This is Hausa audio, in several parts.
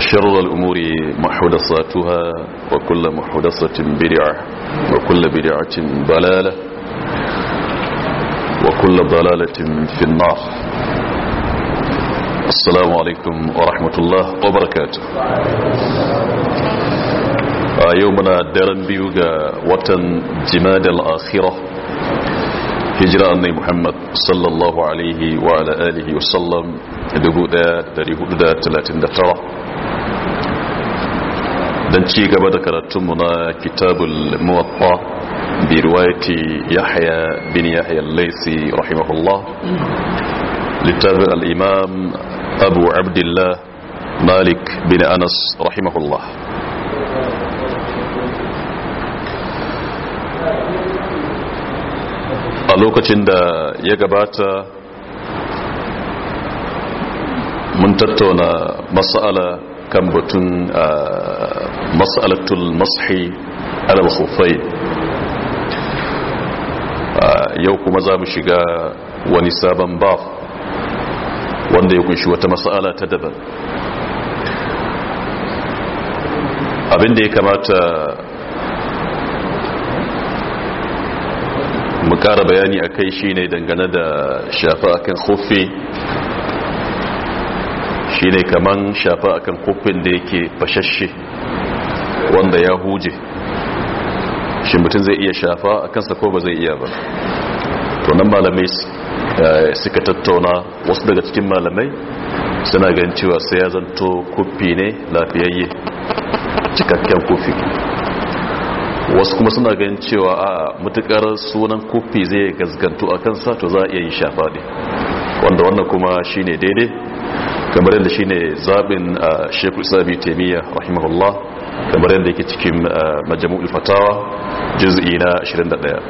وشر الأمور محدثاتها وكل محدثة بدعة وكل بدعة ضلالة وكل ضلالة في النار السلام عليكم ورحمة الله وبركاته يومنا دارن بيوغا وطن جماد الآخرة هجرة محمد hijira annai muhammad sallallahu alaihi wa ala alihi تلاتين 1439 don ci gaba da karatunmu na kitabul muwatta bi riwayati yahya bin yahya al-laysi rahimahullah littafin al-imam abu abdullah malik bin anas rahimahullah a lokacin da ya gabata mun tattauna masala kan batun ah, mas'alatul mashi al khufai ah, yau kuma za mu shiga wani sabon baf wanda ya kunshi wata mas'ala ta daban abinda ya kamata mu kara bayani a kai shine dangane da shafa akan khuffi shi ne kaman shafa akan kofin da yake fashashe wanda ya huje shi mutum zai iya shafa a kansa ko ba zai iya ba to nan malamai eh, suka tattauna wasu daga cikin malamai suna gan cewa sai ya zanto kofi ne lafiyayye cikakken kofi wasu kuma suna gan cewa a mutukar sunan kofi zai gazgantu a kansa to za a iya yi shafa ne wanda wannan kuma shine daidai kamar yadda shine zabin uh, Sheikhul Islam Ibn rahimahullah kamar yadda yake cikin uh, Majmu'ul Fatawa juz'i na 21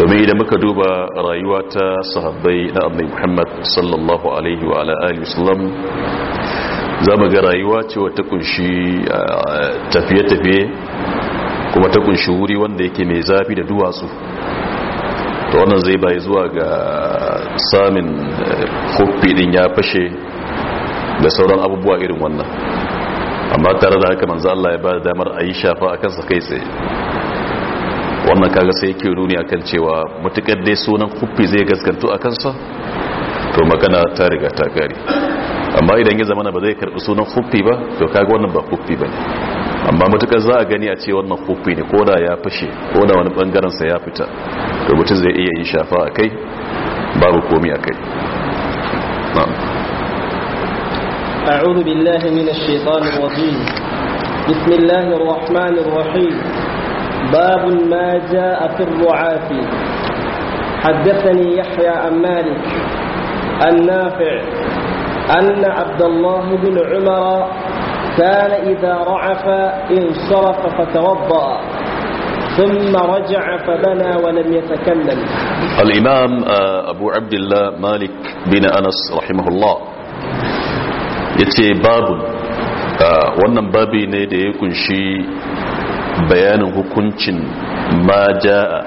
domin idan muka duba rayuwa ta sahabbai na Annabi Muhammad sallallahu alaihi wa ala alihi wasallam mu ga rayuwa ce wata kunshi uh, tafiye-tafiye kuma ta kunshi wuri wanda yake mai zafi da duwatsu to wannan zai bai zuwa ga samin eh, kofi din ya fashe da sauran abubuwa irin wannan amma tare da haka manzo Allah ya ba da damar a yi shafa a kansa kai tsaye wannan kaga sai yake nuni akan cewa mutukar dai sunan kofi zai gaskantu a kansa to magana ta riga ta gari amma idan ya zamana ba zai karbi sunan kofi ba to kaga wannan ba kofi bane amma mutukar za a gani a ce wannan kofi ne ko da ya fashe ko da wani bangaren sa ya fita to mutum zai iya yin shafa a kai babu komi a kai أعوذ بالله من الشيطان الرجيم بسم الله الرحمن الرحيم باب ما جاء في الرعاة حدثني يحيى عن مالك النافع أن عبد الله بن عمر كان إذا رعف انصرف فتوضأ ثم رجع فبنى ولم يتكلم الإمام أبو عبد الله مالك بن أنس رحمه الله يتي باب wannan babi ne da ya kunshi bayanin hukuncin ma ja'a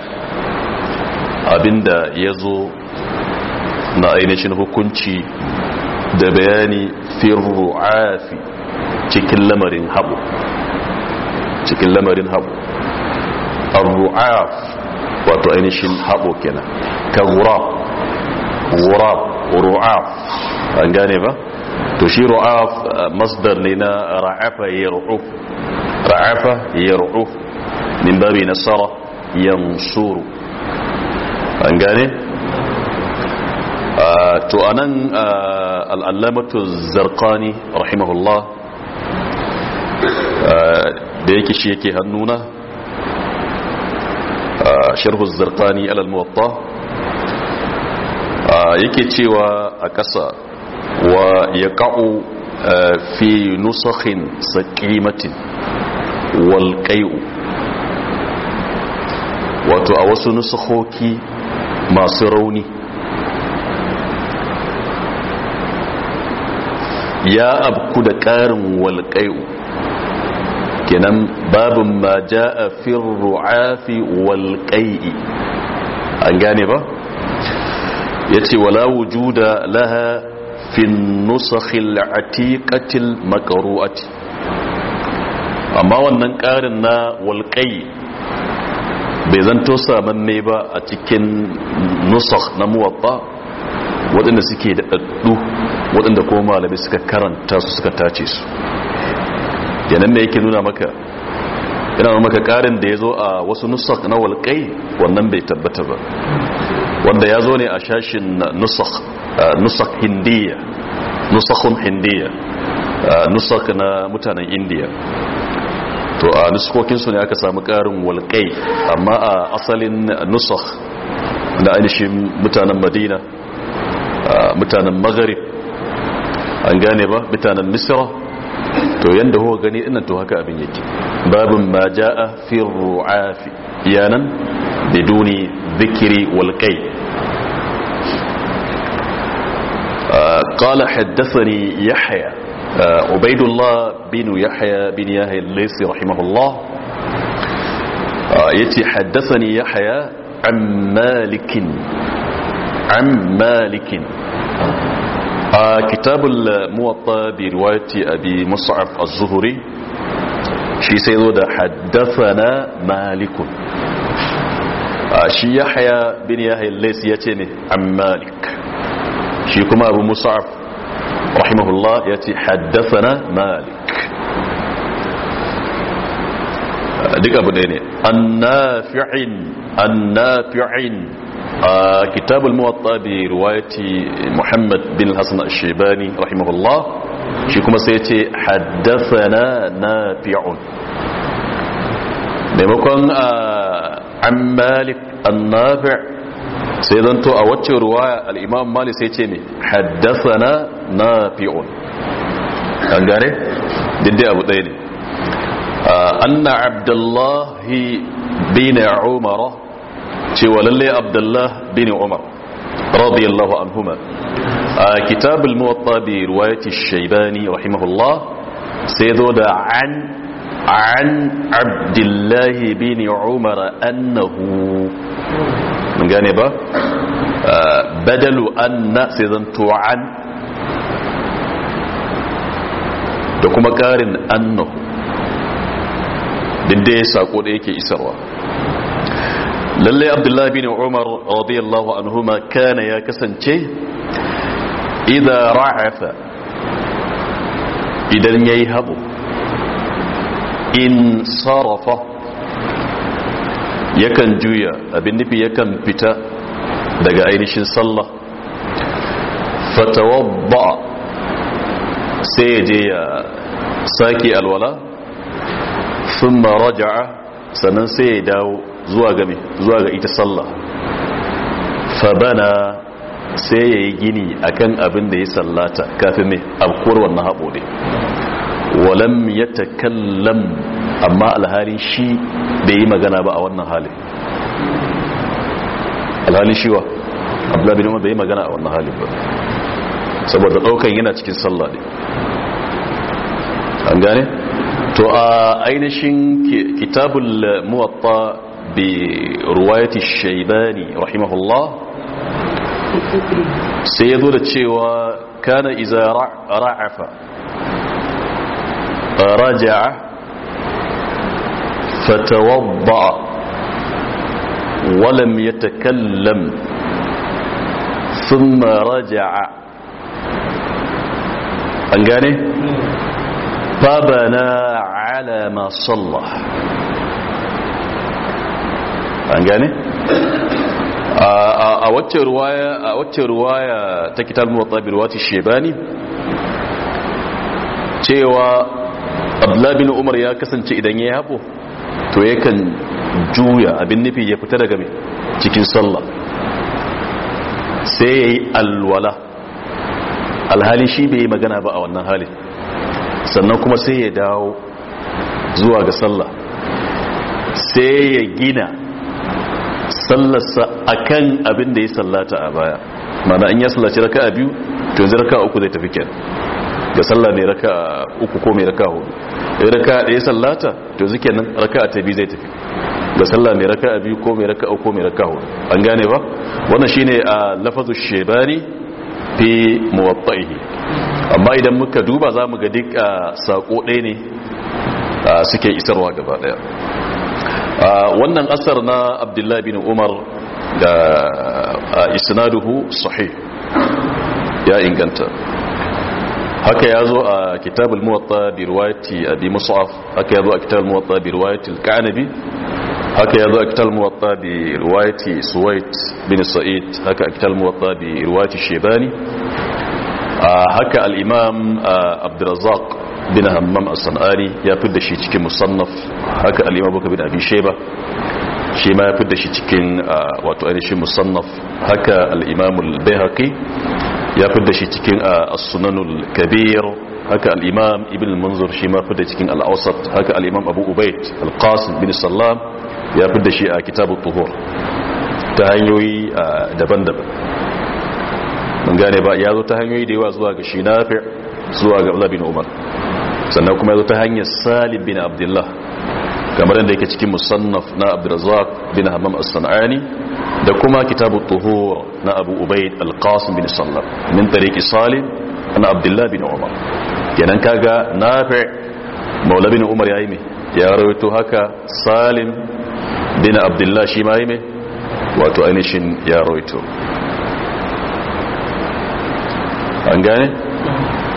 abinda ya zo na ainihin hukunci da bayani firru'afi cikin lamarin haɓu cikin lamarin haɓu arru'af wato ainihin haɓo kenan ka gurab gurab ru'af an gane ba to shi ru'af eh, masdar ne na ra'afa yar'uf ra'afa yar'uf min babi nasara yansuru an gane eh, to anan eh, al'allamatu zarqani rahimahullah da yake shi yake hannuna sharhu zarqani alal muwatta yake cewa a ƙasa wa yaqa'u fi nusakhin saqimatin wal qai'u wato a wasu nusakhoki masu rauni ya abku da ƙarin walƙai'u kenan babin ma ja'a fi ru'afi wal an gane ba yace wala wujuda laha fi nusakhil al atiqati amma wannan karin na wal qai'i bai zanto mai ba a cikin nusakh na muwatta waɗanda suke da ɗaɗɗu waɗanda kuma malami suka karanta su suka tace su yanan ne yake nuna maka yana maka karin da ya zo a wasu nusak na walƙai wannan bai tabbata ba wanda ya zo ne a shashin nusak hindiya nusakun hindiya nusak na mutanen indiya to a nuskokinsu ne aka samu karin walƙai amma a asalin nusar na ainihin mutanen madina mutanen magharib an gane ba mutanen misra to yanda huwa gani dinnan to haka abin yake babin ma jaa fi ru'afi yanan biduni dhikri wal qay qala haddathani yahya ubaydullah bin yahya bin yahya al-laysi rahimahullah الله haddathani yahya an malikin an malikin آه، كتاب الموطا برواية أبي مصعب الزهري شي سيدودا حدثنا مالك آه، شي يحيى بن يحيى الليس يتني عن مالك شي كما أبو مصعب رحمه الله يتي حدثنا مالك آه، ديك أبو ديني النافع النافع آه، كتاب الموطأ برواية محمد بن الحسن الشيباني رحمه الله شيكما سيتي حدثنا نافع بمكن آه، عن مالك النافع تو أوتش رواية الإمام مالك سيتي حدثنا نافع أنجاني دندي أبو ديني آه، أن عبد الله بن عمره cewa lalle abdullah bin umar radiyallahu anhuma a kitabul muwatta bi riwayati shaybani rahimahullah sai zo da an an abdullah bin umar annahu mun gane ba badalu anna sai zanto an da kuma karin annahu duk da ya sako da yake isarwa lallai abdullahi bin umar radiyallahu anhuma kana ya kasance idza ra'afa idan yayi habu in sarafa yakan juya abin nufi yakan fita daga ainihin sallah fatawadda sai ya je ya saki alwala thumma raja'a sannan sai ya dawo zuwa ga zuwa ga ita sallah fa bana sai ya yi gini akan abin da ya sallata kafin mai abkuwar wannan haɓo ne walam ya takallam amma alhari shi bai yi magana ba a wannan halin alhali shi wa abdullabi ne bai yi magana a wannan halin ba saboda ɗaukan yana cikin sallah ne an gane to a ainihin kitabul muwatta برواية الشيباني رحمه الله سيدو لتشيوى كان إذا رعف رجع فتوضأ ولم يتكلم ثم رجع أنقاني فبنى على ما صلى an gane a wacce ruwaya a wacce ruwaya ta kitab muwatta bi ruwati shebani cewa abdullah bin umar ya kasance idan ya yabo to yakan juya abin nufi ya fita daga mai cikin sallah sai yayi alwala alhali shi bai yi magana ba a wannan hali sannan kuma sai ya dawo zuwa ga sallah sai ya gina sallarsa kan abin da ya sallata a baya mana an ya sallaci raka a biyu to yanzu raka uku zai tafi kyan ga salla ne raka uku ko mai raka hudu ya raka da ya sallata to yanzu kenan raka ta biyu zai tafi ga sallah mai raka a biyu ko mai raka uku ko mai raka hudu an gane ba wannan shine a lafazu shebari fi muwatta'ihi amma idan muka duba za mu ga duk sako ɗaya ne suke isarwa gaba ɗaya wannan asar na abdullahi bin umar da isnaduhu sahih ya inganta haka ya zo a kitabul muwatta bi riwayati abi mus'af haka ya zo a kitabul muwatta bi riwayati al-kanabi haka ya zo a kitabul muwatta bi riwayati suwait bin sa'id haka a kitabul muwatta bi riwayati shaybani haka al-imam abdurrazzaq bin hammam as-san'ari ya fidda shi cikin musannaf haka al-imam Abu Bakr bin Abi Shayba shi ma ya fidda shi cikin wato ainihin musannaf haka al-imam al-Baihaqi ya fidda shi cikin as-sunanul kabir haka al-imam ibn al-munzir shi ma fidda cikin al-awsat haka al-imam Abu Ubayd al-Qasim bin Sallam ya fidda shi a kitabut tuhur ta hanyoyi daban-daban mun gane ba ya zo ta hanyoyi da yawa zuwa ga shi nafi' zuwa ga Abdullah bin Umar sannan kuma ya zo ta hanyar salim bin abdullah kamar yadda yake cikin musannaf na abdulrazak bin Hamam al sanani da kuma kitabu tuhur na abu ubaid al-qasim bin Sallar. min tariki salim na abdullah bin umar kenan kaga nafi maula bin umar ya yi mai ya rawaito haka salim bin abdullah shi ma yi mai wato ainihin ya rawaito an gane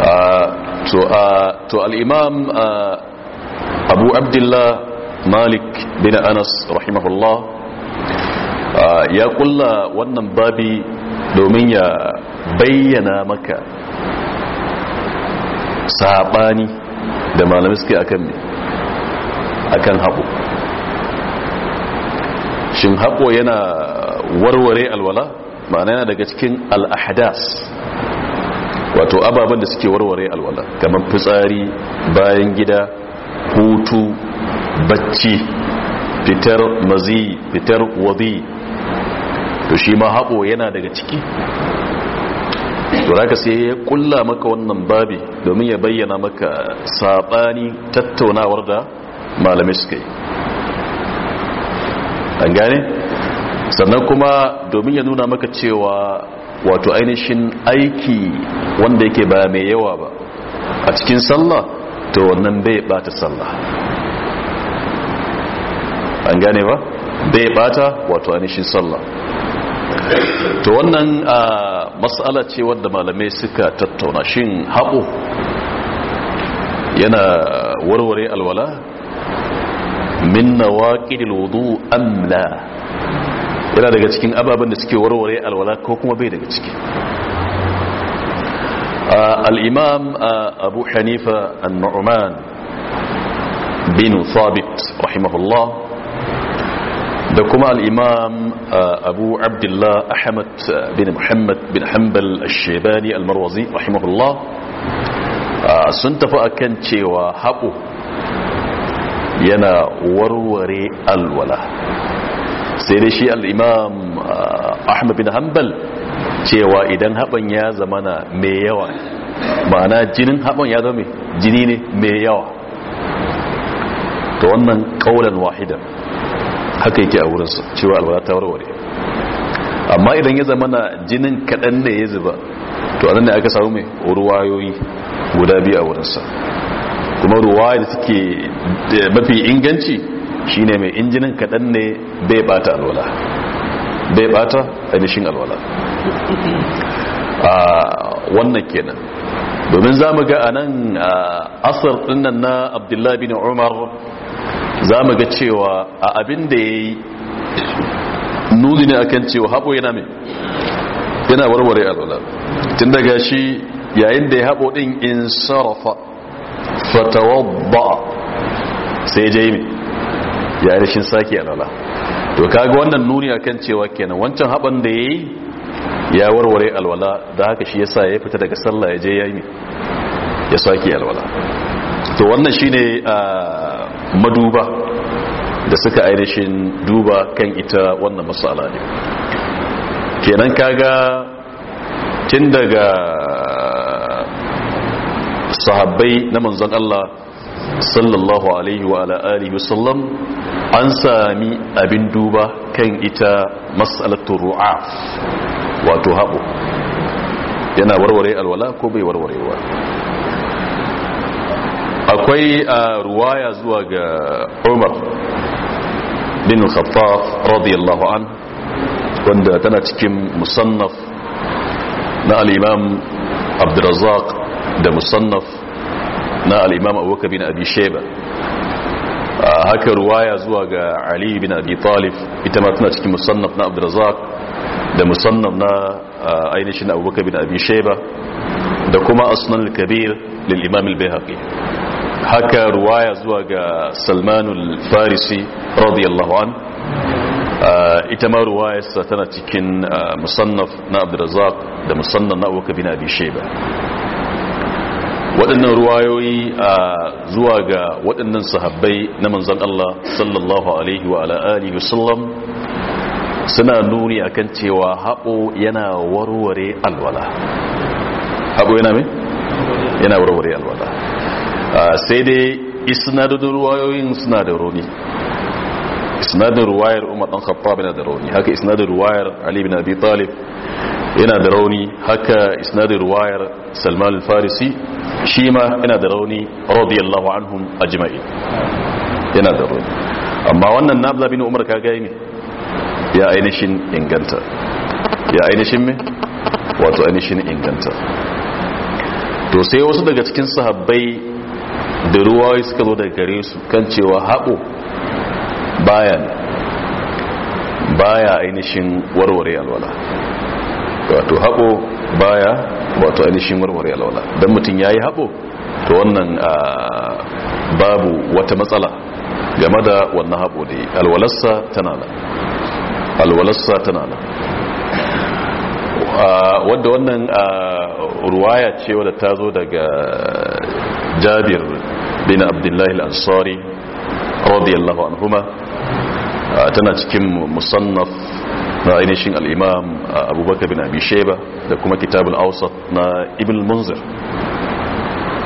ah, Uh, to a al-imam uh, abu abdullah malik bin anas rahimahullah uh, ya kulla wannan babi domin ya bayyana maka saɓani da malamai suke akan akan haɓo shin haɓo yana warware alwala ma'ana yana daga cikin al-ahdas wato ababen da suke warware alwala kamar fitsari bayan gida hutu bacci fitar mazi fitar wazi to shi ma haɓo yana daga ciki to sai ya kulla maka wannan babi domin ya bayyana maka sabani tattaunawar da malamai suka yi an gane sannan kuma domin ya nuna maka cewa wato ainihin aiki wanda yake ba mai yawa ba a cikin sallah to wannan bai bata sallah an gane ba bai bata wato ainihin sallah to wannan matsala ce wadda malamai suka tattauna shin haɓo yana warware alwala min na waƙidil wudu amla yana daga cikin ababen da suke warware alwala ko kuma bai daga ciki al'imam abu hanifa annu'uman bin thabit rahimahullah da kuma al'imam abu abdullah ahmad bin muhammad bin hanbal al shebani al-marwazi rahimahullah sun tafi akan cewa haɓo yana warware alwala sai dai shi al'imam ah, ahmad bin hanbal cewa idan haɓan ya zamana mai yawa ma'ana jinin haɓan ya zama jini ne mai yawa ta wannan ƙaunar wahida haka yake a wurinsa cewa albara ta warware amma idan ya zamana jinin kaɗan ne ya zuba to anan ne aka samu mai ruwayoyi guda biyu a wurinsa kuma ruwaya da suke mafi inganci Shi ne mai injinin kaɗan ne bai bata alwala bai bata ainihin alwala ah, wannan kenan domin za mu ga a nan ah, asar ɗinnan na abdullahi bin umar za mu ga cewa a abin da ya yi nuni ne akan cewa haɓo yana mai yana warware alwala tun daga shi yayin da ya haɓo ɗin in sarrafa fatawar ba sai ya je ya rashin sake alala to kaga wannan nuni akan cewa kenan wancan haban da yayi ya warware alwala da haka shi yasa ya fita daga sallah ya je yayi ya sake alwala to wannan shine maduba da suka ainihin duba kan ita wannan matsala ne kenan kaga tun daga sahabbai na manzon Allah sallallahu alaihi wa alihi wasallam an sami abin duba kan ita mas'alatu ru'a wato haɓo yana warware alwala ko bai warware warwarewa akwai a ruwaya zuwa ga umar bin khattab radiyallahu an wanda tana cikin musannaf na al'imam abdurazak da musannaf na al-imam abubakar bin abi shayba haka ruwaya zuwa ga ali bin abi talib ita ma tana cikin musannaf na abdurrazzaq da musannaf na ainihin abubakar bin abi shayba da kuma asnan al-kabir lil imam al-bayhaqi haka ruwaya zuwa ga salmanul farisi radiyallahu an ita ma ruwayarsa tana cikin musannaf na abdurrazzaq da musannaf na abubakar bin abi shayba waɗannan ruwayoyi a zuwa ga waɗannan sahabbai na manzan Allah sallallahu alaihi wa ala'alihi wasallam suna nuni akan cewa haɓo yana warware alwala haɓo yana mai? yana warware alwala sai dai isnadadin ruwayoyin suna da roni isnadin ruwayar umar ɗan haɓa bina da roni haka isnadin ruwayar ali bin abi talib yana da rauni haka isnadin ruwayar salman al-farisi shi ma yana da rauni radiyallahu anhum ajma'i yana da rauni amma wannan nabla bin umar ka gaya ne ya ainihin inganta ya ainihin me wato ainihin inganta to sai wasu daga cikin sahabbai da ruwayi suka zo daga gare su kan cewa haɓo baya baya ainihin warware alwala wato haɓo baya wato ainihin warware alwala don mutum ya yi haɓo to wannan ah, babu wata matsala game da wannan haɓo da yi alwalarsa tana nan alwalarsa tana nan ah, wadda wannan ah, ruwaya ce wadda ta zo daga jabir bin abdullahi al'ansari radiyallahu anhuma tana cikin musannaf na ainihin al'imam abubakar bin abisheba da kuma kitabul ausat na ibn munzir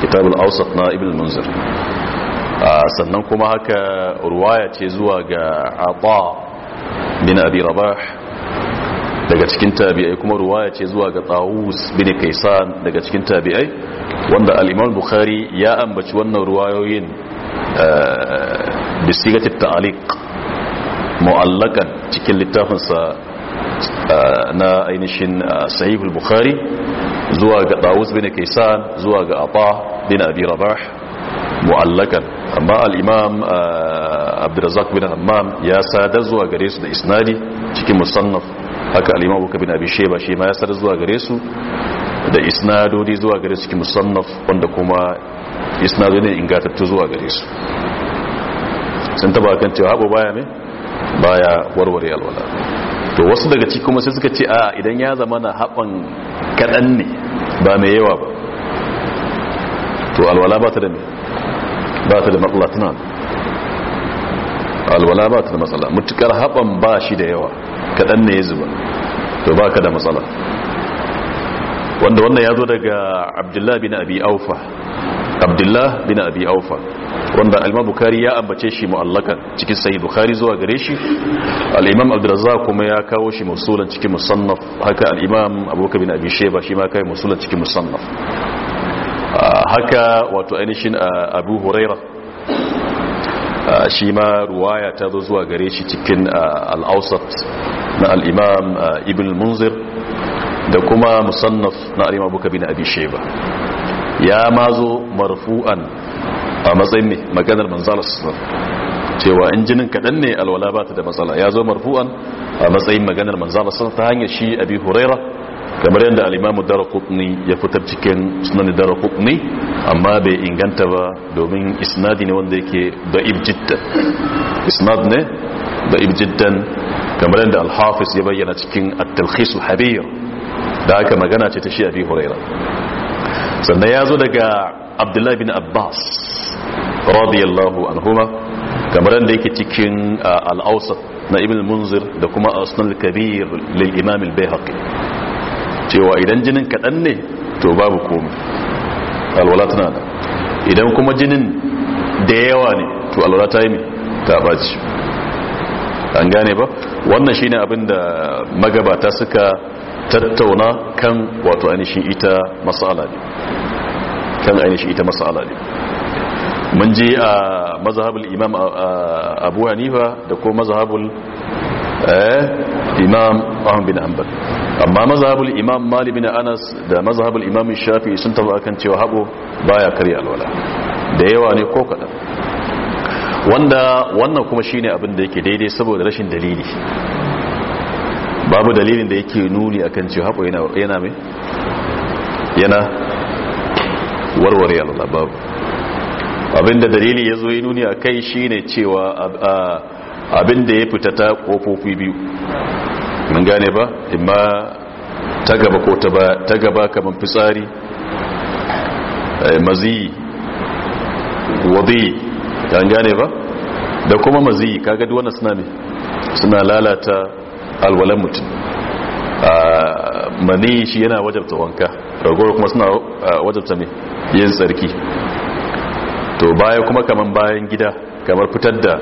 kitabul ausat na ibn munzir sannan kuma haka ruwaya ce zuwa ga ata bin abi rabah daga cikin tabi'ai kuma ruwaya ce zuwa ga tsawus bin kaisan daga cikin tabi'ai wanda al'imam bukhari ya ambaci wannan ruwayoyin bisigatit ta'alik mu'allakan cikin littafinsa na ainihin sahihul bukhari zuwa ga dawus bin kaysan zuwa ga ata bin abi rabah mu'allakan amma al-imam abdurrazzaq bin hammam ya sadar zuwa gare su da isnadi cikin musannaf haka al-imam abu bin abi sheba shi ma ya sadar zuwa gare su da isnadodi zuwa gare su cikin musannaf wanda kuma isnadodi ne ingantattu zuwa gare su sun taba kan cewa haɓo baya ne baya warware alwala to wasu daga ciki kuma sai suka ce a idan ya zama na haɓan kaɗan ne ba mai yawa ba to alwala ba ta da ba ta da matsala tana alwala ba ta da matsala mutukar haɓan ba shi da yawa kaɗan ne ya zuba to ba ka da matsala wanda wannan ya zo daga Abdullabi na abi aufa abdullah bin abi aufa wanda alma bukari ya ambace shi mu'allakan cikin sahih Bukari zuwa gare shi al-imam abdurrazzaq kuma ya kawo shi musulan cikin musannaf haka al'imam imam abubakar bin abi shayba shi ma kai musulan cikin musannaf ah, haka wato ainihin ah, abu huraira ah, shi ma ruwaya ta zo zuwa gare shi cikin al ausat na al'imam ibn munzir da kuma musannaf na al-imam abubakar bin abi shayba ya ma marfu'an a matsayin ne maganar manzala sassan cewa in jinin kaɗan ne alwala ba ta da matsala ya zo marfu'an a matsayin maganar manzala sassan ta hanyar shi abi huraira kamar yadda alimamu kudni ya fitar cikin sunan kudni amma bai inganta ba domin isnadi ne wanda yake da ibjiddan isnad ne da ibjiddan kamar yadda alhafis ya bayyana cikin at-talkhis al-habir da aka magana ce ta shi abi huraira sannan ya zo daga abdullahi bin abbas radiyallahu anhuma kamar da yake cikin al'ausar na ibn munzir da kuma asnan kabir lil imam al-bayhaqi cewa idan jinin kaɗan ne to babu komai alwala tana da idan kuma jinin da yawa ne to alwala ta yi ne ta baci an gane ba wannan shine ne abinda magabata suka tattauna kan wato ainihin ita masala ne kan ainihin ita masala ne mun je a mazhabul imam abu hanifa da ko mazhabul eh, imam ahmad bin hanbal amma mazhabul imam malik bin anas da mazhabul imam shafi sun taba akan cewa habo baya karya alwala da yawa ne ko kadan wanda wannan kuma shine abin da yake daidai saboda rashin dalili babu dalilin da yake nuni akan cewa haƙo yana yana mai yana warware Allah babu abinda dalili ya zo yi nuni a kai shi ne cewa abinda ya fita ta ƙofofi biyu mun gane ba imma ta gaba ko ta gaba kamar fitsari eh, mazi wadi ta gane ba da kuma mazi kaga duwanda suna ne suna lalata alwalan mutum mani shi yana wajabta wanka ragowar kuma suna wajabta ne yin tsarki to baya kuma kaman bayan gida kamar fitar da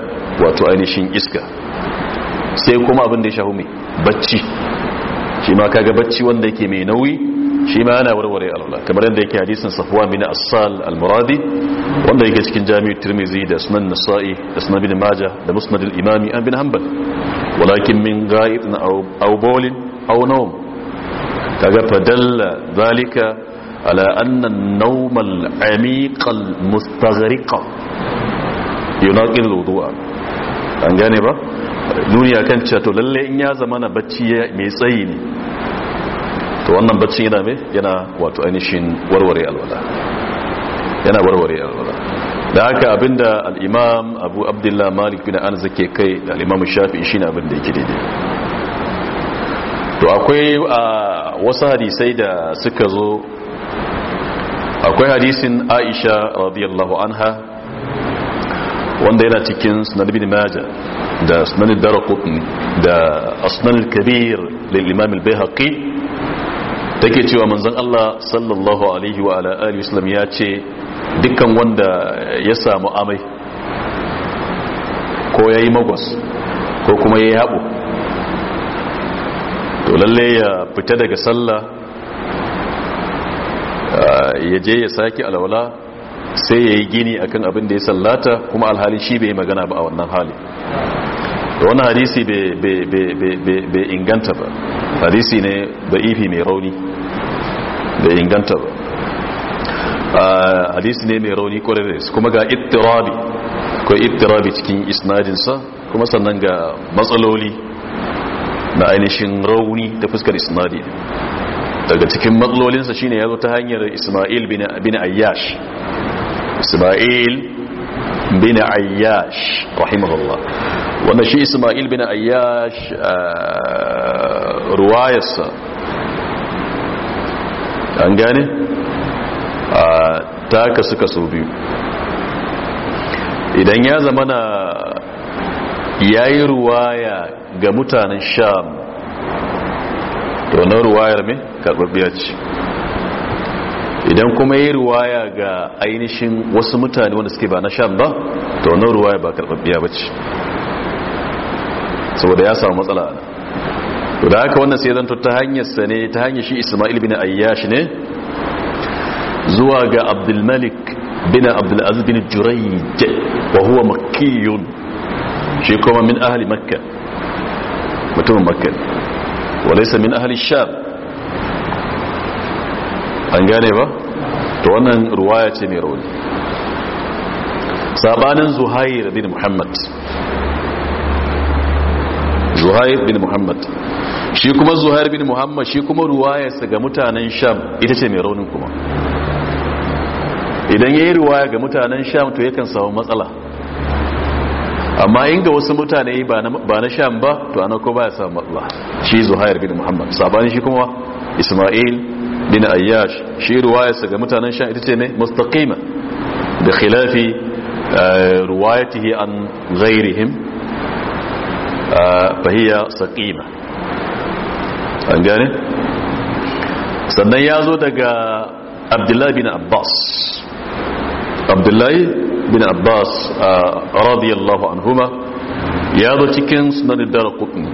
wato ainihin iska sai kuma abin da ya shahu mai bacci shi ma kaga bacci wanda yake mai nauyi shi ma yana warware alwala kamar yadda yake hadisin safuwa min asal sal al wanda yake cikin Jami'ar Turmizi da sunan nasa'i da sunan Bin maja da musnad imami an bin hanbal walakin min ga'ibin aw bawlin aw nawm kaga fadalla zalika ala anna an-nawm al-amiq al-mustaghriq yunaqil wudu'a an gane ba duniya kan cewa to lalle in ya zama na bacci mai tsayi ne to wannan bacci yana me yana wato ainihin warware alwala yana warware alwala da haka abinda al'imam abu abdullah malik bin an zake kai da al'imam shafi shi ne abinda yake daidai to akwai a wasu hadisai da suka zo akwai hadisin aisha radiyallahu anha wanda yana cikin sunan bin maja da sunan darakutni da sunan kabir lil'imam al-bayhaqi take cewa manzon Allah sallallahu alaihi wa ala alihi wasallam ya ce dukkan wanda ya samu amai ko ya yi magos ko kuma ya yi haɓo to lalle ya fita daga sallah eh, ya je ya sake alwala sai ya yi gini akan abin da ya sallata kuma alhali shi bai magana ba a wannan hali da wani hadisi bai inganta ba hadisi ne da ifi mai rauni bai inganta ba hadisi ne mai rauni kwarai da kuma ga ittirabi ko ittirabi cikin isnadinsa kuma sannan ga matsaloli na ainihin rauni ta fuskar isnadi daga cikin matsalolinsa shine ya zo ta hanyar ismail bin ayyash ismail bin ayyash rahimahullah wannan shi ismail bin ayyash ruwayarsa an gane? ta haka suka so biyu idan ya zama na ya yi ruwaya ga mutanen sham to na ruwayar mai karbabbiya ce idan kuma yi ruwaya ga ainihin wasu mutane wanda suke ba na sham ba to na ruwaya ba karbabbiya ba ce saboda ya samu matsala to da haka wannan sai zan ta hanyarsa ne ta hanyar shi ismail bin ayyashi ne zuwa ga abdulmalik bin abdulaziz bin jurayj wa huwa makkiyun shi kuma min ahli makka mutumin makka laysa min ahli sham an gane ba to wannan ruwaya ce mai rauni sabanin zuhair bin muhammad zuhair bin muhammad shi kuma zuhair bin muhammad shi kuma ruwayarsa ga mutanen sham ita ce mai raunin kuma idan ya yi ruwaya ga mutanen sham to yakan samu matsala amma inda wasu mutane ba na sham ba to ana ko ba ya samu matsala shi zuhair bin muhammad sabanin shi kuma ismail bin ayyash shi ruwayarsa ga mutanen sham ita ce ne mustaqima da khilafi eh, ruwayatihi an ghairihim eh, fahiya saqima an gane sannan ya zo daga abdullahi bin abbas abdullahi bin abbas uh, radiyallahu anhuma ya zo cikin sunanin dara kutni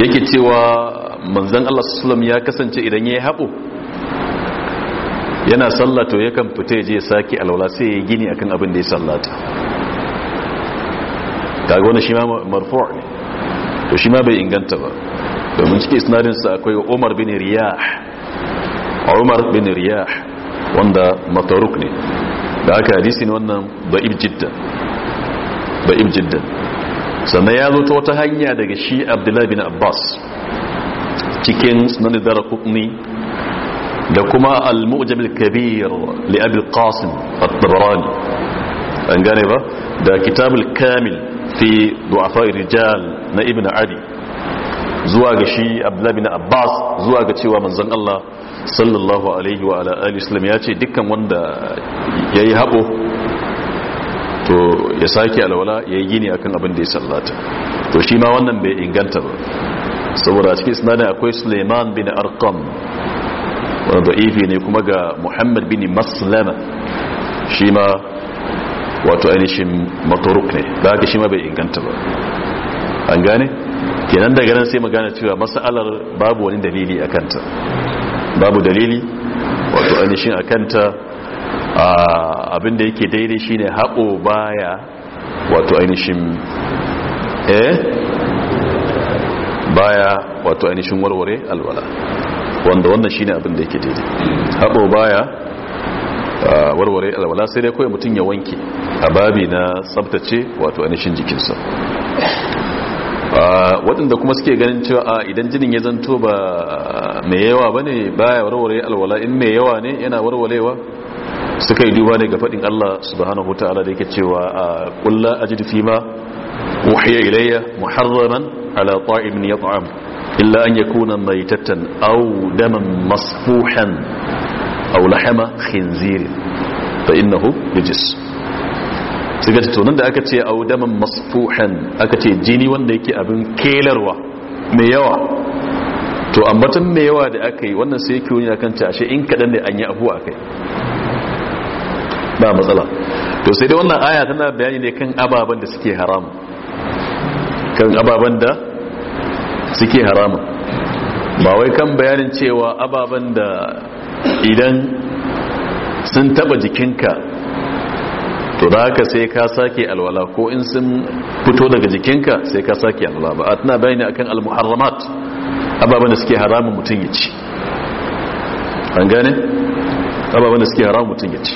yake cewa manzan allah ya kasance idan ya yi haɓo yana to yakan fita je sake alwala sai ya gini akan abin da ya sallata kaga wani shi ma marfu ne to shi ma bai inganta ba domin cikin sa akwai umar bin riyah umar bin riyah wanda mataruk ne da aka hadisi ne wannan da'ib jiddan da'ib sannan ya zo ta wata hanya daga shi abdullahi bin abbas cikin sunan dara kutni da kuma al-mu'jam kabir li abi al-qasim tabarani an gane ba da kitab kamil fi du'afa rijal na ibn adi zuwa ga shi abdullahi bin abbas zuwa ga cewa manzon Allah sallallahu alaihi wa ala alihi ya ce dukkan wanda yayi haɓo to ya sake alwala yi gini akan abin da ya sallata to shi ma wannan bai inganta ba saboda cikin isnadin akwai Suleiman bin Arqam wanda da'ifi ne kuma ga Muhammad bin Maslama shi ma wato ainihin maturuk ne da haka shi ma bai inganta ba an gane kenan daga nan sai magana cewa mas'alar babu wani dalili a kanta babu dalili wato ainihin a kanta abinda yake daidai shine haƙo baya wato ainihin eh baya wato ainihin warware alwala wanda wannan shine abin da yake daidai haɓo baya warware alwala sai dai kawai mutum ya wanke a babi na tsabtace wato ainihin jikinsa waɗanda kuma suke ganin cewa a idan jinin ya zanto ba mai yawa ba ne baya warware alwala in mai yawa ne yana warwarewa suka yi duba ne ga faɗin Allah subhanahu ta'ala da yake cewa a ƙulla a jirfi ma wahiyar ilayya muharraman ala ta'imin ya ta'am illa an ya kuna mai tattan au daman masfuhan au lahama khinzirin fa innahu yajis sai ga tunan da aka ce audaman daman masfuhan aka ce jini wanda yake abin kelarwa mai yawa to ambatan mai yawa da aka yi wannan sai yake wuni akan tashe in kadan da an yi abuwa kai ba matsala to sai dai wannan aya tana bayani ne kan ababen da suke haramu kan ababen da suke haramu ba wai kan bayanin cewa ababen da idan sun taba jikinka to da haka sai ka sake alwala ko in sun fito daga jikinka sai ka sake alwala ba a tana bayani akan almuharramat ababen da suke haramun mutum ya ci an gane ababen da suke haramun mutum ya ci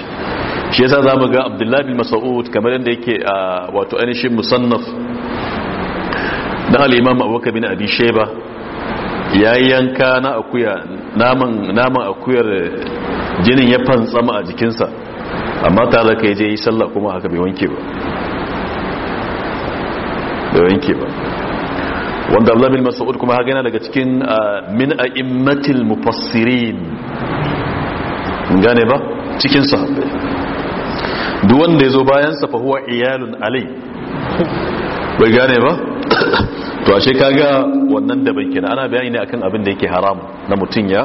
shi yasa za mu ga abdullahi bin mas'ud kamar yadda yake a wato ainihin musannaf na al-imam abubakar bin abi sheba ya yanka na akuya naman akuyar jinin ya fantsama a jikinsa amma tare ka je yi sallah kuma haka bai wanke ba bai wanke ba wanda Allah bin Mas'ud kuma haka yana daga cikin ah, min a'immatil mufassirin gane ba cikin sahabbai duk wanda yazo bayan sa fa huwa iyalun alai bai gane ba to ashe kaga wannan da bai kina ana bayani ne akan abin da yake haram na mutun ya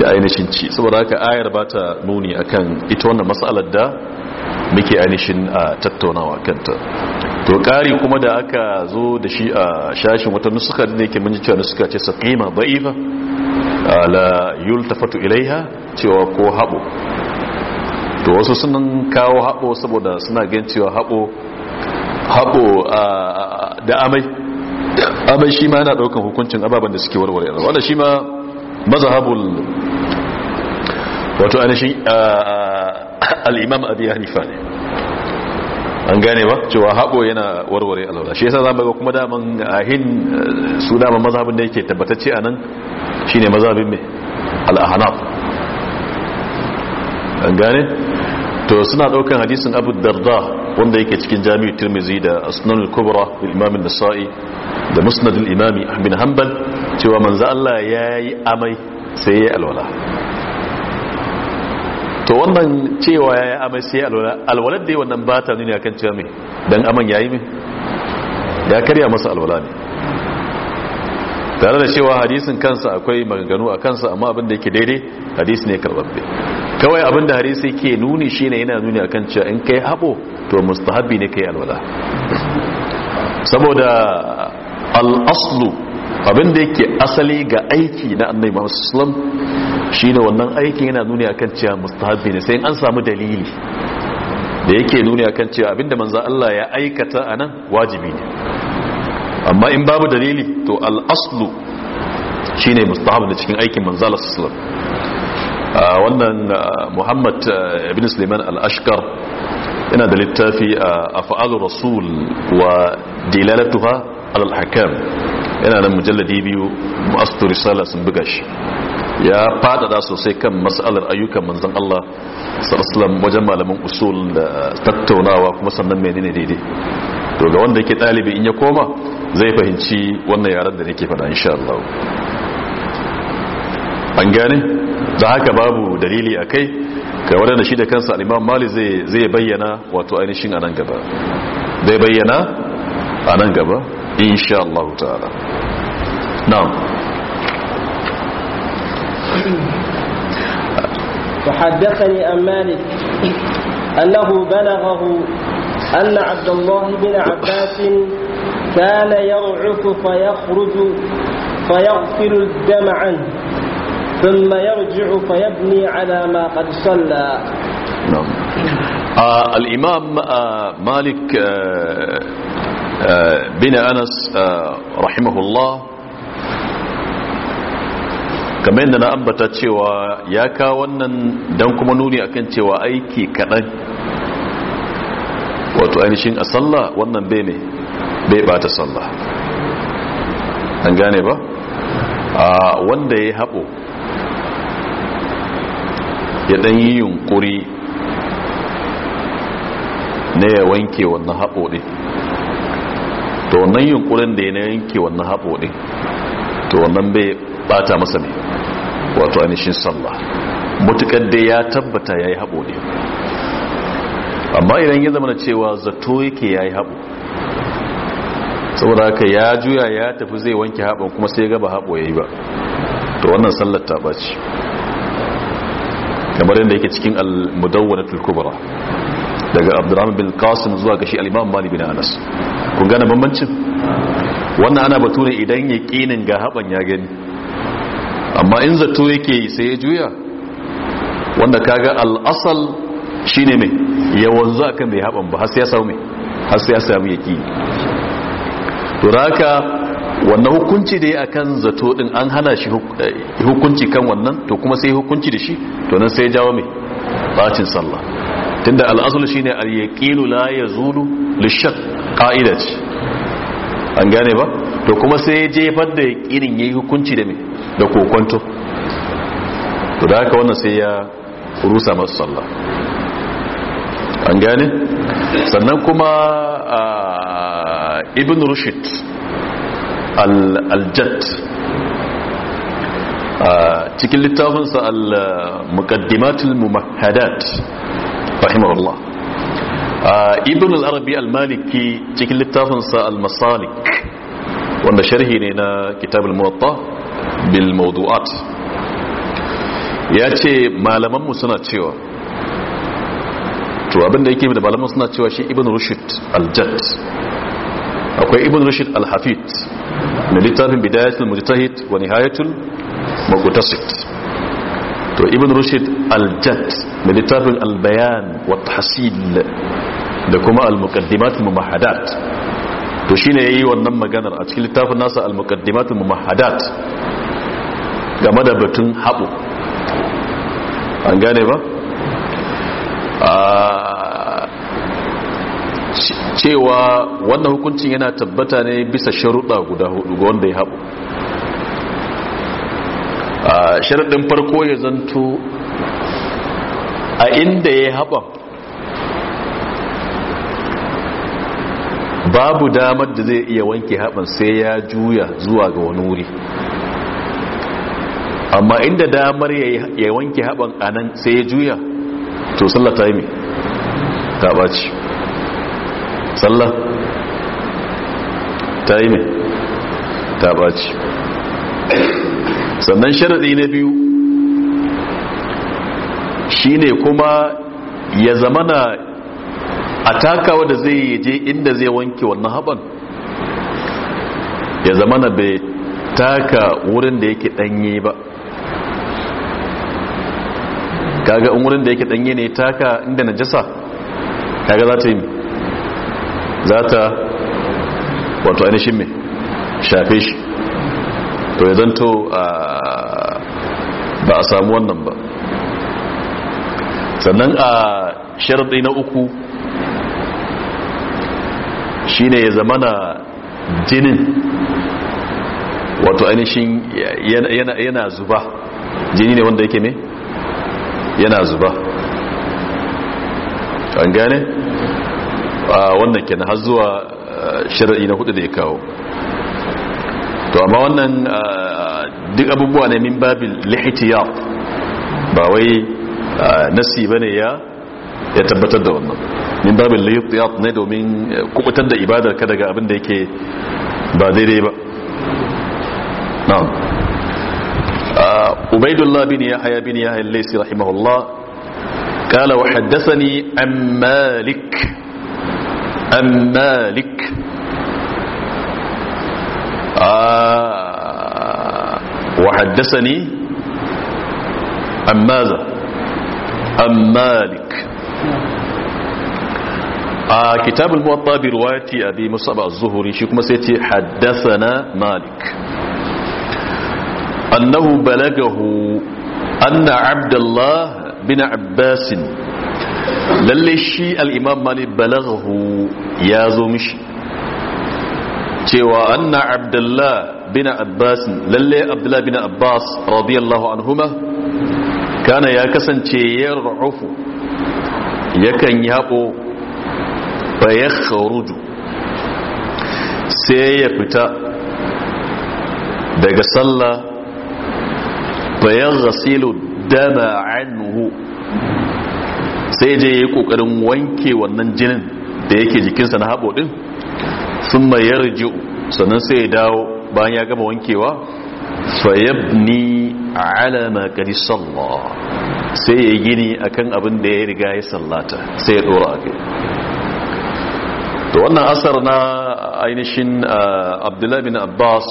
ya ainihin ci saboda haka ayar ba ta nuni akan ita wannan matsalar da muke ainihin a tattaunawa kanta to kari kuma da aka zo da shi a shashin wata nusuka da yake mun cewa nusuka ce saqima da'ifa la yultafatu ilaiha cewa ko habo to wasu sunan kawo habo saboda suna gan cewa habo habo da amai amai shi ma yana daukan hukuncin ababen da suke warware wanda shi ma mazhabul wato ainihin ah, ah, al'imam abi hanifa ne an gane ba cewa haɓo yana warware alwala shi yasa zamu ga kuma daman ahin ah, su daman mazhabin da yake tabbatacce a nan shine mazhabin mai al'ahanaf an gane to suna ɗaukan hadisin abu darda wanda yake cikin jami'u tirmizi da Asunan al-kubra da imamin nasa'i da musnad al-imami bin hanbal cewa manzo Allah yayi amai sai yayi alwala to wannan cewa ya yi amai sai alwala da wannan ba ta nuni akan cewa mai don aman ya yi mai ya karya masa alwala ne tare da cewa hadisin kansa akwai maganganu a kansa amma abin da yake daidai hadisi ne karbabbe kawai abin da hadisi ke nuni shine yana nuni akan cewa in kai haɓo to mustahabi ne kai alwala saboda alaslu. abin da yake asali ga aiki na annai Muhammad shi ne wannan aikin yana nuni akan cewa mustahabi ne sai an samu dalili da yake nuni kan cewa abinda manza Allah ya aikata a nan wajibi ne amma in babu dalili to al'aslu shi shine mustahab da cikin aikin manza Allah wannan Muhammad ibn suleiman al-Ashkar yana da littafi a af'alur rasul wa dilalatuwa ala yana nan mujalladi biyu ma'astu risala sun buga shi ya fadada sosai kan mas'alar ayyukan manzon Allah sallallahu wajen malamin usul da tattaunawa kuma sannan menene daidai to ga wanda yake dalibi in ya koma zai fahimci wannan yaran da nake faɗa insha Allah an gane da haka babu dalili akai ga wanda shi da kansa al-Imam Malik zai zai bayyana wato ainihin anan gaba zai bayyana anan gaba إن شاء الله تعالى نعم وحدثني عن مالك أنه بلغه أن عبد الله بن عباس كان يرعف فيخرج فيغفل الدم عنه ثم يرجع فيبني على ما قد صلى نعم آه الإمام آه مالك آه bin anas rahimahullah kamar yadda na ambata cewa ya kawo wannan don kuma nuni akan cewa aiki kaɗan wato ainihin a sallah wannan bai ne bai bata sallah an gane ba a wanda ya haɓo ya ɗan yi yunƙuri ne ya wanke wannan haɓo ne to wannan yunkurin da ya yanke wannan haɓo ne, to wannan bai bata masa ne wato ainihin sallah mutukar dai ya tabbata ya yi haɓo ne amma idan ya zama na cewa zato yake ya yi haɓo saboda haka ya juya ya tafi zai wanke haɓon kuma sai gaba haɓo ya yi ba to wannan sallar ta ɓaci kamar yadda yake cikin al-mudawwanatul kubra daga abdurrahman bin qasim zuwa gashi shi al-imam malik bin anas kun gane bambancin wannan ana batu ne idan ya kinin ga haban ya gani amma in zato yake sai ya juya wanda kaga al-asal shine mai ya wanzu akan mai haban ba har sai ya samu mai har sai ya samu yaki to raka wannan hukunci da ya akan zato din an hana shi eh, hukunci kan wannan to kuma sai hukunci da shi to nan sai ya jawo mai bacin sallah tunda al'asul shine al-yaqinu la yazulu lishak qa'ida ce an gane ba to kuma sai ya jefar da yaqinin yayi hukunci da me da kokonto to da haka wannan sai ya rusa masa sallah an gane sannan kuma ibn rushd al-jadd cikin littafinsa al-muqaddimatul mumahhadat rahimahullah ibn al-arabi al-maliki cikin littafinsa al-masalik wanda sharhi ne na kitab al-muwatta bil mawdu'at ya ce malamanmu suna cewa to abinda yake da malaman suna cewa shi ibn rushd al-jadd akwai ibn rushd al-hafid na littafin bidayatul mujtahid wa nihayatul muqtasid to ibn rushd al jadd da littafin al-bayan wa tahsil da kuma al-muqaddimat mumahadat to shine yayi wannan maganar a cikin littafin nasa al-muqaddimat mumahadat game da batun habu an gane ba cewa wannan hukuncin yana tabbata ne bisa sharuɗa guda hudu ga wanda ya Habu. sharaɗin farko ya zanto a inda ya haɓa babu damar da zai iya wanke haɓan sai ya juya zuwa ga wani wuri amma inda damar ya wanke haɓan a nan sai ya juya to sallah ta yi mai ta ɓaci sallah ta yi mai ta ɓaci sannan sharadi na biyu shine kuma ya zamana a takawa da zai je inda zai wanke wannan haban ya zamana bai taka wurin da yake ɗanye ba kaga in wurin da yake ɗanye ne taka inda na jisa. kaga za ta yi za ta wato ainihin shafe shi to ya zanto ba a samu wannan ba sannan a sharaɗi na uku shi ne ya zama na jinin wato ainihin yana zuba jini ne wanda yake ne yana zuba an gane wannan kenan har zuwa sharaɗi na hudu da ya kawo to amma wannan duk abubuwa ne min babin lihitiyar ba wai nasi bane ya ya tabbatar da wannan min babin lihitiyar ne domin kubutar da ibadar ka daga abin da yake ba daidai ba na'am ubaidullah bin yahya bin yahya al-laysi rahimahullah قال وحدثني عن مالك عن مالك آه، وحدثني عن ماذا عن مالك آه كتاب الموطا برواية أبي مصعب الزهري شكما سيتي حدثنا مالك أنه بلغه أن عبد الله بن عباس للي الإمام مالك بلغه يازو مشي cewa anna abdullah bin abbas lalle abdullah bin abbas radiyallahu anhuma kana ya kasance yarufu yakan yabo fa ya sai ya fita daga sallah fa ya ghasilu dama anhu sai je yayi kokarin wanke wannan jinin da yake jikinsa na habo din sun mai yarji sannan sai ya dawo bayan ya gama wankewa fayabni alama gani sallah sai ya gini akan abin da ya yi riga ya sallata sai ya dora a to wannan asar na ainihin ah, abdullahi bin abbas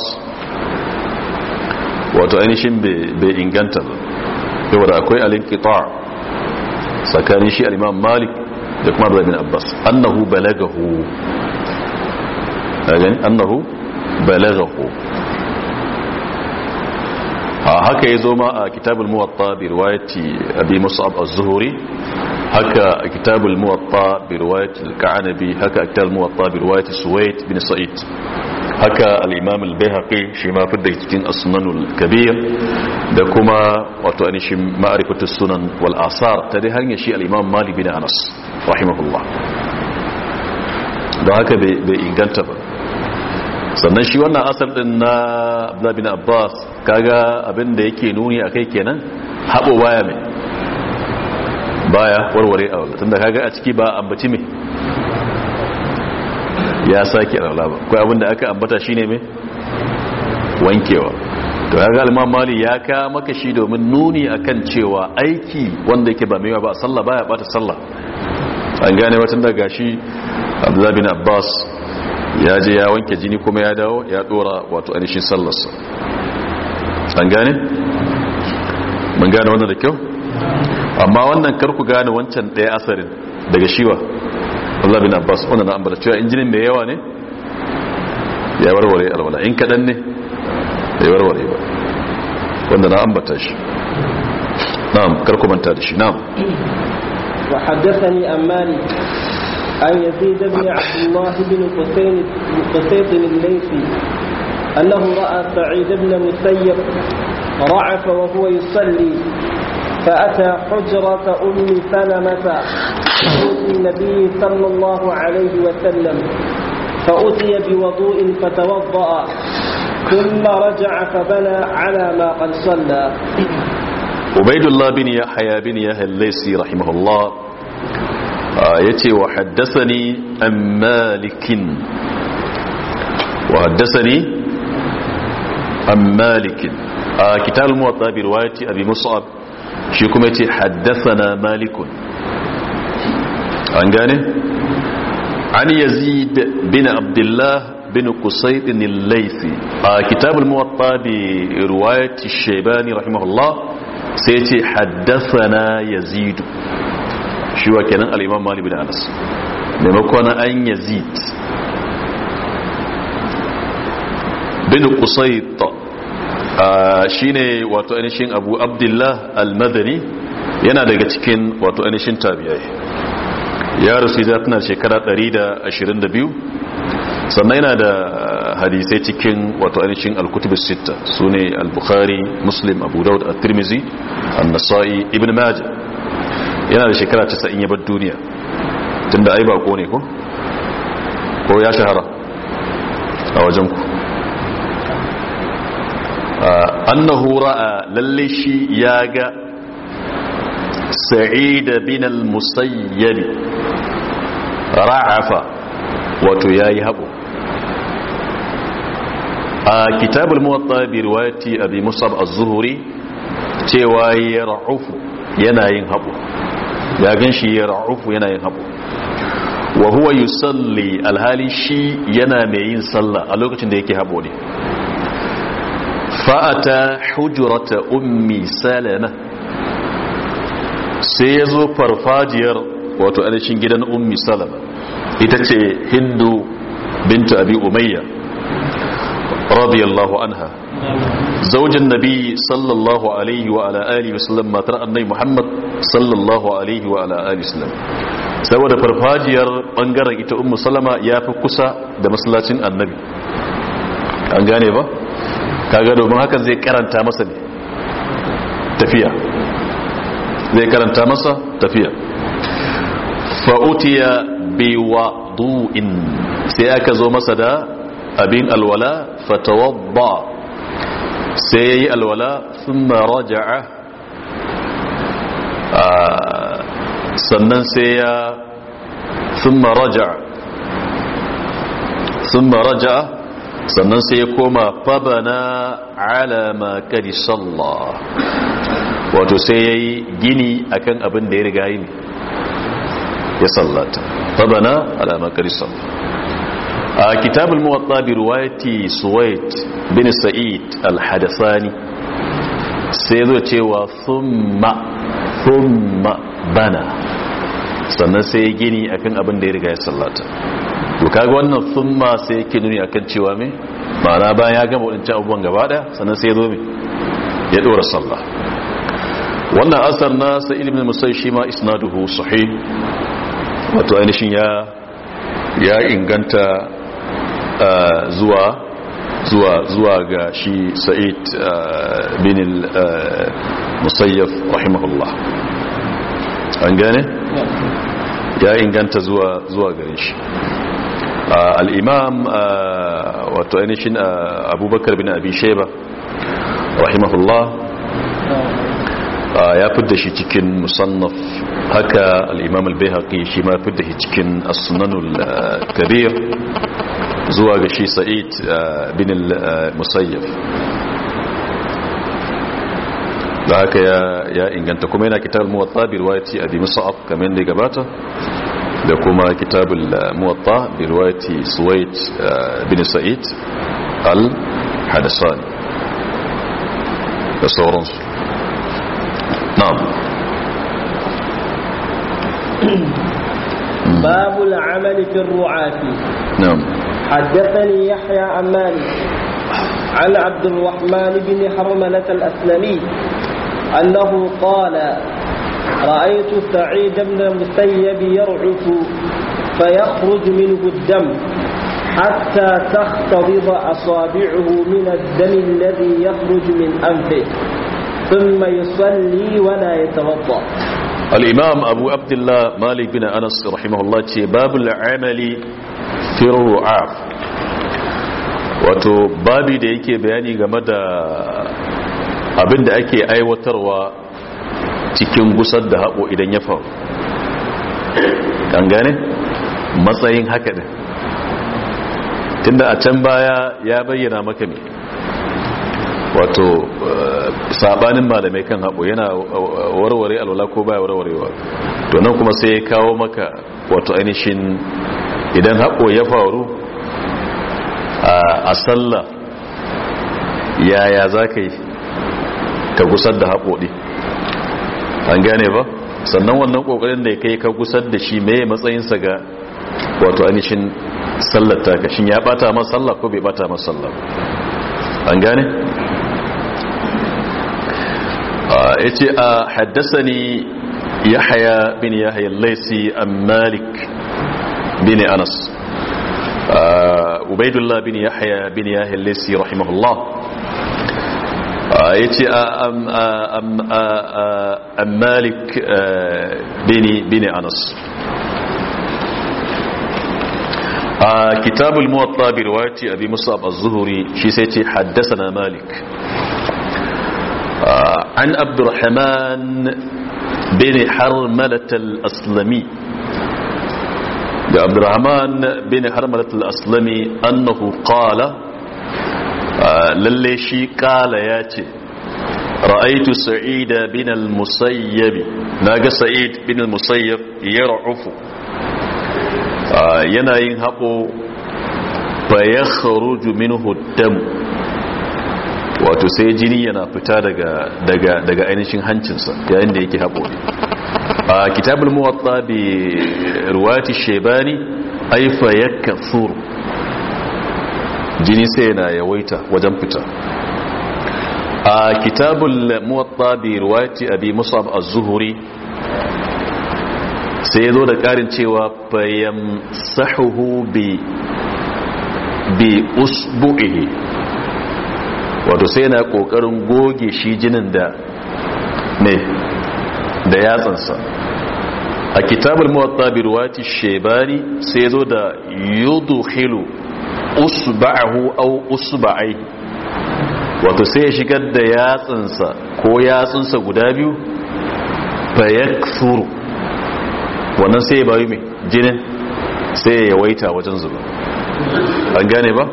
wato ainihin bai inganta ba yau da akwai alinkita tsakanin shi alimam malik da kuma abdullahi bin abbas annahu balagahu يعني أنه بلغه هكا يزوما آه، كتاب الموطا برواية أبي مصعب الزهوري هكا كتاب الموطا برواية الكعنبي هكا كتاب الموطا برواية سويت بن سعيد هكا الإمام البيهقي شما في تتين السنن الكبير دكما وتؤني شم معرفة السنن والآثار تدي هل يشي الإمام مالي بن أنس رحمه الله ده هكا بإنجان تبقى sannan shi wannan asar din na abdullahi bin abbas kaga abin da yake nuni a kai kenan haɓo baya mai baya warware a wala tunda kaga a ciki ba ambaci mai ya sake rala ba kai abin da aka ambata shine mai wankewa to ya ga imam mali ya ka maka shi domin nuni akan cewa aiki wanda yake ba maiwa ba sallah baya bata sallah an gane watan da gashi abdullahi bin abbas ya je ya wanke jini kuma ya dawo ya dora wato ainihin sallarsa an gane? mun gane wannan da kyau? amma wannan karku gane wancan daya asarin daga shiwa Allah bin Abbas wannan na ambata cewa injinin da yawa ne ya warware alwala in kaɗan ne ya warware ba wanda na ambata shi na'am karku manta da shi na'am wa haddathani an malik عن يزيد بن عبد الله بن قسيط الليثي أنه رأى سعيد بن مسيب رعف وهو يصلي فأتى حجرة أم سلمة بيت النبي صلى الله عليه وسلم فأتي بوضوء فتوضأ ثم رجع فبنى على ما قد صلى عبيد الله بن يحيى بن يحيى الليثي رحمه الله yace wa haddathani an malikin wa haddathani an malikin a kitab al-muwatta bi riwayati abi mus'ab shi kuma yace haddathana malikun an gane an yazid bin abdullah بن قصيد الليثي كتاب الموطا برواية الشيباني رحمه الله سيتي حدثنا يزيد shi wa kenan al-imam da anas maimakon an yazid bin shi shine wato ainihin abu abdullah al-madani yana daga cikin wato ainihin tabiya ya rasu ya tana shekara 122 sannan yana da hadisai cikin wato ainihin al-kutubus sitta sune al-bukhari muslim abu daud at-tirmidhi an-nasa'i ibn majah yana da shekara 90 ya bar duniya tunda ai bako ne ko ko ya shahara a wajen ku annahu ra'a lalle shi ya ga sa'id bin al-musayyib ra'afa wato yayi habo a kitabul muwatta bi riwayati abi musab az-zuhri cewa yaraufu yana yin habo ya gan shi ya ra'ufu yana yin haɓo wa huwa salli alhali shi yana mai yin sallah a lokacin da yake haɓo ne fa'ata hujurata ummi salama sai ya zo farfajiyar wato anishin gidan ummi salama ita ce hindu binta abi umayya radiyallahu anha zaujin nabi sallallahu alaihi wa ala alihi wasallam matar annai muhammad sallallahu alaihi wa ala alihi wasallam saboda farfajiyar bangaren ita ummu salama ya fi kusa da masallacin annabi an gane ba ga domin hakan zai karanta masa ne tafiya zai karanta masa tafiya fa'utiya du'in sai aka zo masa da abin alwala ba. sai ya yi alwala sun maraja'a ah, sannan sai ya sun maraja'a sun maraja'a sannan sai ya koma fabana alama kari sallah wato sai ya yi gini akan abin da ya riga yi ya sallata fabana alama kari sallah a kitabul muwatta bi ruwayati suwaid bin sa'id al-hadathani sai zo cewa thumma thumma bana sannan sai gini akan abin da ya riga ya sallata to kaga wannan thumma sai yake nuni akan cewa me ma'ana bayan ya gama wadancan abubuwan gaba daya sannan sai zo me ya dora sallah wannan asar na sa'id ibn musayyib shi ma isnaduhu sahih wato ainihin ya ya inganta zuwa zuwa zuwa ga shi sa'id bin musayyaf rahimahullah an gane ya inganta zuwa zuwa gare shi al wato ainihin abubakar bin abi sheba rahimahullah ya fidda shi cikin musannaf haka al'imam imam al-bayhaqi shi ma fidda shi cikin as kabir zuwa ga shi sa'id bin musayyaf da haka ya inganta kuma yana kitabul muwatta bi riwayati abi mus'ab kamar da gabata da kuma kitabul muwatta bi riwayati suwayd bin sa'id al hadasan da sauransu na'am babul amali fi ru'ati na'am حدثني يحيى عن مالك عن عبد الرحمن بن حرملة الأسلمي أنه قال رأيت سعيد بن المسيب يرعف فيخرج منه الدم حتى تختضب أصابعه من الدم الذي يخرج من أنفه ثم يصلي ولا يتوضأ الإمام أبو عبد الله مالك بن أنس رحمه الله باب العمل firru wato babi da yake bayani game da abin da ake aiwatarwa cikin gusar da haƙo idan ya faru an matsayin haka ɗin tunda a can baya ya bayyana maka ne wato eh, sabanin malamai kan haɓo yana eh, warware alwala ko baya warwarewa to nan kuma sai ya kawo maka wato ainihin idan haƙo ya faru a sallah yaya za ka yi ka gusar da haƙoɗi an gane ba sannan wannan ƙoƙarin da ya kai ka gusar da shi mai matsayinsa ga wato anishin sallar taka shin ya bata masu sallah ko bai bata ma sallah an gane ya ce a haddasa ni yahaya bin hayan laisi an malik بن أنس آه، عبيد الله بن يحيى بن ياهي الليسي رحمه الله يتي آه، أم, آه، أم, أم مالك بن, بن أنس كتاب الموطا برواية أبي مصعب الزهري شي سيتي حدثنا مالك عن عبد الرحمن بن حرملة الأسلمي da abdurrahman bin harmalat al-aslami annahu qala lalle shi qala ya ce ra'aytu sa'ida bin al-musayyib naga sa'id bin al-musayyib yar'ufu yana yin hako fa yakhruju minhu dam wato sai jini yana fita daga daga daga ainihin hancinsa yayin da yake hako a kitabul muwatta bi ruwati shebani aifa yakka tsoro jini sai na yawaita wajen fita a kitabul muwatta bi ruwati abi musab az-zuhri sai zo da karin cewa fayam sahuhu bi bi usbu'ihi wato sai na kokarin goge shi jinin da ne da yatsansa a kitabul muwatta bi ruwati shebani sai zo da yudkhilu usba'ahu aw usba'ayhi wato sai ya shigar da yatsansa ko yatsansa guda biyu fa yakthuru wannan sai ya bayu me jinin sai ya yawaita wajen zuba an gane ba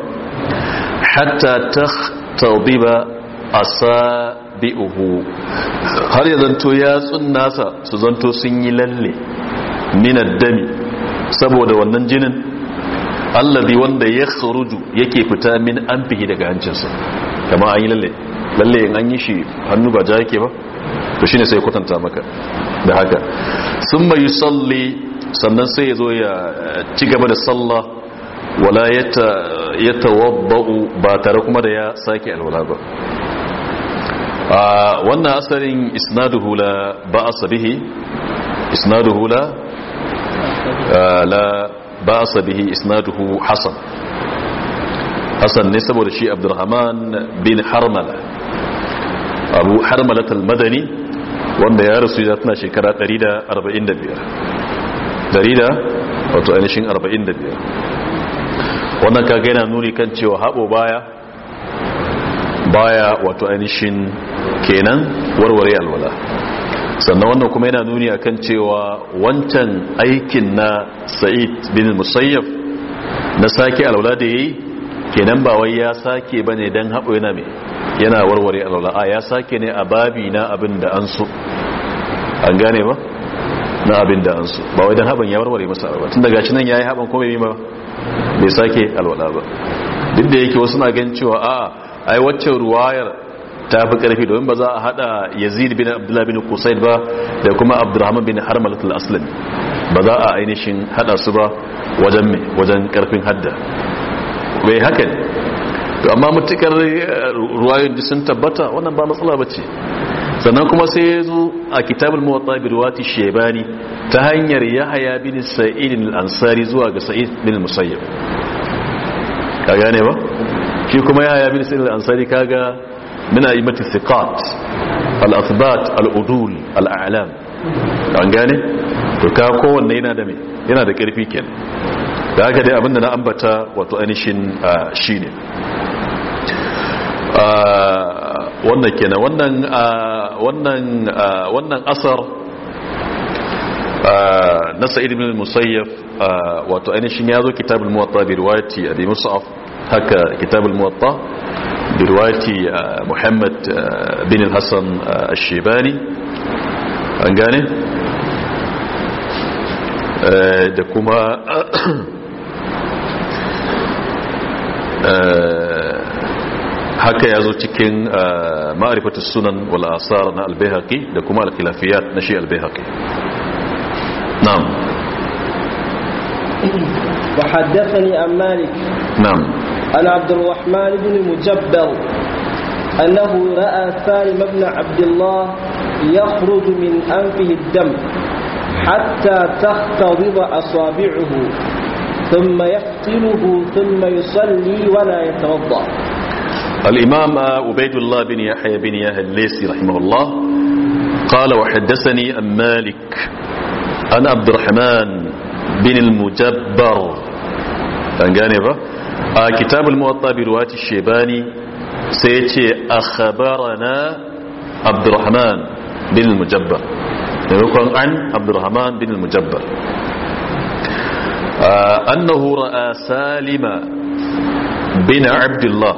hatta tahtadiba asa yunabbi'uhu har ya zanto yatsun nasa su zanto sun yi lalle minad dami saboda wannan jinin allazi wanda ya khuruju yake fita min anfihi daga hancinsa kama an yi lalle lalle in an yi shi hannu ba ja yake ba to shine sai kwatanta maka da haka summa yusalli sannan sai ya zo ya ci gaba da sallah wala yata tawabba'u ba tare kuma da ya sake alwala ba wannan asarin isnaduhu la ba'asa bihi isnaduhu la la ba'asa bihi isnaduhu hasan hasan ne saboda shi abdurrahman bin harmala abu harmala al-madani wanda ya rasu ya tana shekara 145 darida wato ainihin 45 wannan kaga yana nuni kan cewa haɓo baya baya wato ainihin kenan warware alwala sannan wannan kuma yana nuni akan cewa wancan aikin na sa'id bin musayyaf na sake alwala da yayi kenan ba wai ya sake bane dan habo yana me yana warware alwala a ya sake ne a babi na abin da an so an gane ba na abin da an so ba wai dan haban ya warware masa ba tun daga shi nan yayi haban ko bai yi ba bai sake alwala ba duk da yake wasu na gan cewa a'a ai waccan ruwayar ta fi karfi domin ba za a hada yazid bin Abdullahi bin kusaid ba da kuma abdurrahman bin harmal al ba za a ainihin hada su ba wajen mai wajen karfin hadda bai haka ne to amma mutukar eh, ruwayoyin sun tabbata wannan ba matsala ba ce sannan kuma sai ya zo a kitabul muwatta bi ruwati shebani ta hanyar yahya bin sa'id al-ansari zuwa ga sa'id bin musayyib ka gane ba shi kuma ya yabi sa'id al-ansari kaga yi mata thiqat al-athbat al-udul al-a'lam an gane to ka kowanne yana da me yana da karfi kenan da haka dai abinda na ambata wato anishin ah, shine ah, wannan kenan wannan ah, wannan wannan asar na sa'id ibn musayyaf wato ainihin ya zo kitabul muwatta bi riwayati abi mus'ab هكا كتاب الموطا برواية آه، محمد آه، بن الحسن آه، الشيباني انقاني دكما هكا يزو تكين معرفة السنن والآثار البيهقي دكما الخلافيات نشي البيهقي نعم وحدثني عن مالك نعم عن عبد الرحمن بن مجبر أنه رأى سالم بن عبد الله يخرج من أنفه الدم حتى تختضب أصابعه ثم يقتله ثم يصلي ولا يتوضأ الإمام عبيد الله بن يحيى بن يحيى الليسي رحمه الله قال وحدثني أم مالك أن عبد الرحمن بن المجبر an gane ba a kitabul muwatta bi ruwati shebani sai ya ce akhbarana abdurrahman bin mujabbar maimakon an abdurrahman bin mujabbar annahu ra'a salima bin abdullah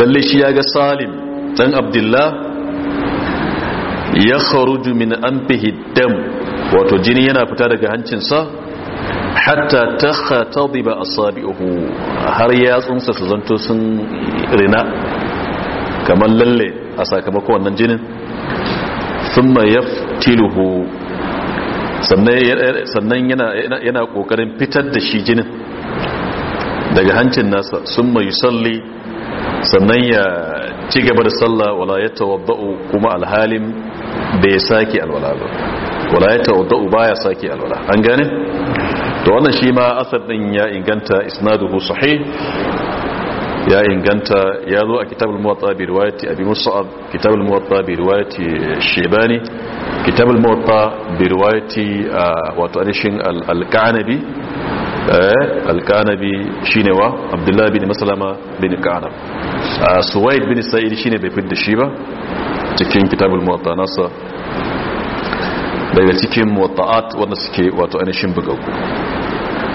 lalle shi ya ga salim dan abdullah ya kharuju min anfihi dam wato jini yana fita daga hancinsa hatta ta khatabi ba asabi'uhu har yatsunsa su zanto sun rina kamar lalle a sakamakon wannan jinin thumma tiluhu. sannan yana kokarin fitar da shi jinin daga hancin nasa sun summa salli sannan ya ci gaba da sallah wala ya tawadda'u kuma alhalin bai sake alwala ba wala ya tawadda'u baya sake alwala an gane to wannan shi ma asar din ya inganta isnaduhu sahih ya inganta ya zo a kitabul muwatta bi riwayati abi mus'ab kitabul muwatta bi riwayati shebani kitabul muwatta bi riwayati wato anishin al-kanabi al-kanabi shine wa abdullah bin maslama bin kanab suwaid bin sa'id shine bai fidda shi ba cikin kitabul muwatta nasa daga cikin muwatta'at wanda suke wato anishin bugaku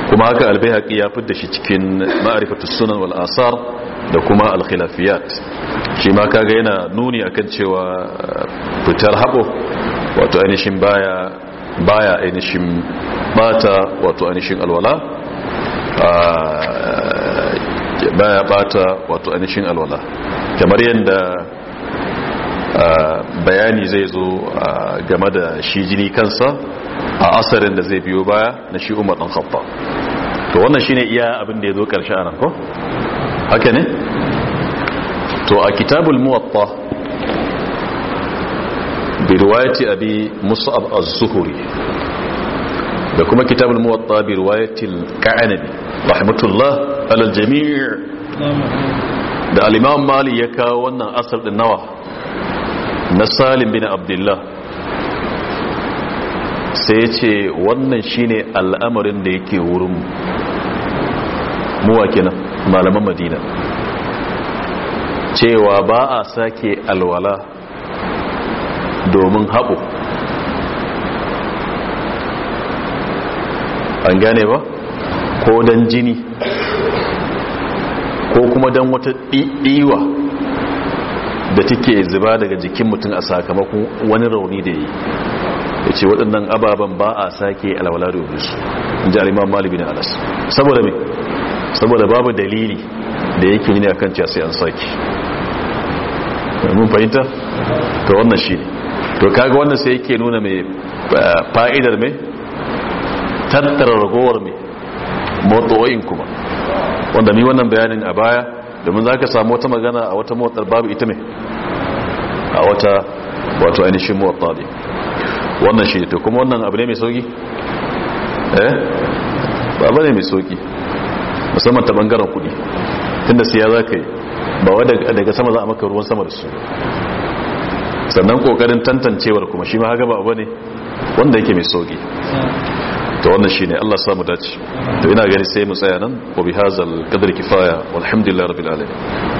kuma haka albayhaqi ya fitar shi cikin ma'rifatus sunan wal asar da kuma al-khilafiyat shi ma kaga yana nuni akan cewa uh, fitar habo wato ainihin baya baya ainihin bata wato ainihin alwala uh, baya bata wato ainihin alwala kamar yadda bayani zai zo game da shi jini kansa a asarin da zai biyo baya na shi umar dan khattab to wannan shine iya abin da ya zo a nan ko haka ne to a kitabul muwatta bi riwayati abi mus'ab az-zuhri da kuma kitabul muwatta bi riwayati al-ka'anabi rahmatullah al jami' da al-imam mali ya kawo wannan asar din nawa na salim bin abdullah sai ya ce wannan shine al'amarin da yake wurin muwakina malaman madina cewa ba a sake alwala domin haɓo an gane ba ko don jini ko kuma don wata ɗiwa da take zuba daga jikin mutum a sakamakon wani rauni da yi ya ce waɗannan ababen ba a sake alawala da su in ji alimam malibi na anas saboda mai saboda babu dalili da yake yi ne a kan cewa sai an sake mun fahimta ta wannan shi to kaga wannan sai yake nuna mai fa'idar mai tattara ragowar mai motso'in kuma wanda ni wannan bayanin a baya domin za ka samu wata magana a wata mawatsar babu ita mai a wata wato ainihin mawatsar ne wannan shi to kuma wannan abu ne mai sauki eh ba ba ne mai sauki musamman ta bangaren kudi tunda siya za ka yi ba wadda daga sama za a maka ruwan sama da su sannan kokarin tantancewar kuma shi ma haka ba ba ne wanda yake mai sauki to wannan shine Allah samu dace to ina gani sai mu tsaya nan wa bihazal qadri kifaya walhamdulillahi rabbil alamin